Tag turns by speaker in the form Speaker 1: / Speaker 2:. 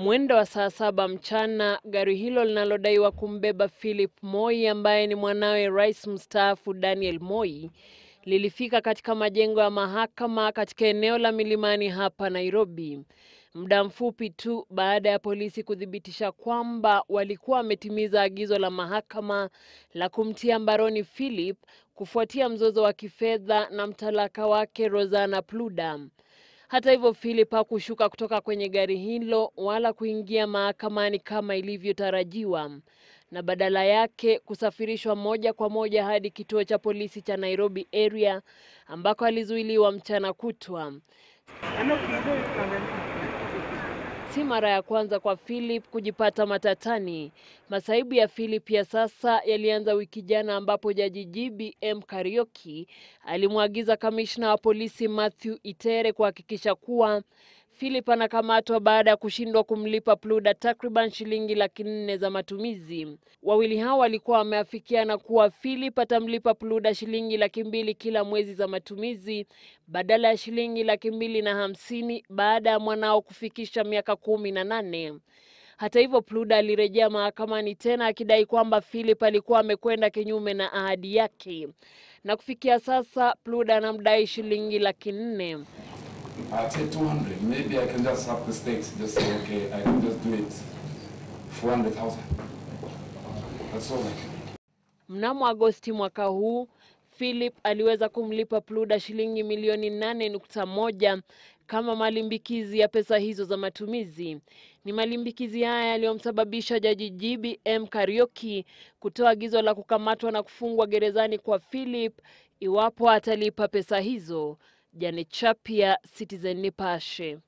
Speaker 1: Mwendo wa saa saba mchana gari hilo linalodaiwa kumbeba Philip Moi ambaye ni mwanawe rais mstaafu Daniel Moi lilifika katika majengo ya mahakama katika eneo la Milimani hapa Nairobi, muda mfupi tu baada ya polisi kuthibitisha kwamba walikuwa wametimiza agizo la mahakama la kumtia mbaroni Philip kufuatia mzozo wa kifedha na mtalaka wake Rosanna Pluda. Hata hivyo, Philip hakushuka kutoka kwenye gari hilo wala kuingia mahakamani kama ilivyotarajiwa na badala yake kusafirishwa moja kwa moja hadi kituo cha polisi cha Nairobi area ambako alizuiliwa mchana kutwa si mara ya kwanza kwa Philip kujipata matatani. Masaibu ya Philip ya sasa yalianza wiki jana ambapo Jaji Jibi M Karioki alimwagiza kamishna wa polisi Matthew Itere kuhakikisha kuwa Philip anakamatwa baada ya kushindwa kumlipa Pluda takriban shilingi laki nne za matumizi. Wawili hao walikuwa wameafikiana kuwa Philip atamlipa Pluda shilingi laki mbili kila mwezi za matumizi badala ya shilingi laki mbili na hamsini baada ya mwanao kufikisha miaka kumi na nane. Hata hivyo, Pluda alirejea mahakamani tena akidai kwamba Philip alikuwa amekwenda kinyume na ahadi yake, na kufikia sasa Pluda anamdai shilingi laki nne.
Speaker 2: I'll say 200. Maybe I can just have the stakes. Just say, okay, I can just do it 400,000.
Speaker 1: That's all I can. Mnamo Agosti mwaka huu Philip aliweza kumlipa Pluda shilingi milioni nane nukta moja kama malimbikizi ya pesa hizo za matumizi. Ni malimbikizi haya yaliyomsababisha Jaji GBM Karioki kutoa agizo la kukamatwa na kufungwa gerezani kwa Philip iwapo atalipa pesa hizo. Janet yaani Chapia, Citizen Nipashe.